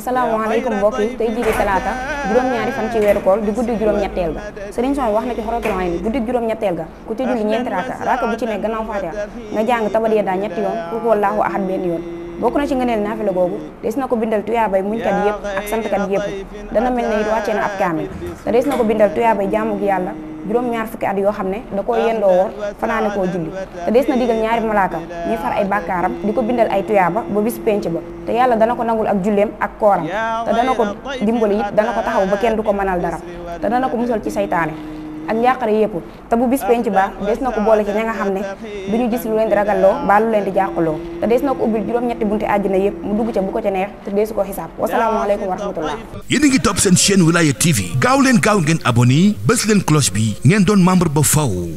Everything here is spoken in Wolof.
asalaamaaleykum bokk yi tey jii di talaata juróom-ñaari fan ci weeru kool di guddi juróom-ñetteel ga sëriñ Sow wax na ci xorotul ay ni guddi juróom-ñetteel ga ku ci julli ñeenti raaka raaka bu ci nekk gannaaw faatiha nga jàng tabadiya daa ñetti yoon ku ko laahu ahad benn yoon bokk na ci ngëneel naafila googu des na ko bindal tuyaabay muñkat yëpp ak santkat yëpp dana mel ne it wàccee na ab kaamil te des na ko bindal tuyaabay jaamu gi yàlla juróom-ñaar fukki at yoo xam ne da koo ah, yendoo woor fanaane koo julli te dees na digal ñaari malaaka ñuy far ay bàkkaaram di ko bindal ay tuyaaba ba bis penc ba te yàlla dana ko nangul ak julleem ak kooram te dana ko dimbali it dana ko taxaw ba kenn du ko mënal dara te dana ko musal ci saytaane ak njàqare yëpp te bu bis penc ba des na ko boole ci ña nga xam ne du ñu gis lu leen di ragalloo ba lu leen di jàqaloo te des na ko ubbil juróom-ñetti bunti àjjana yëpp mu dugg ca bu ko ca neex te deesu ko xisaab wasalaamaaleykum wa rahmatullah yéen a ngi topp seen chaîne Wilaya TV gaaw leen gaaw ngeen abonné bés leen cloche bi ngeen doon membre ba faw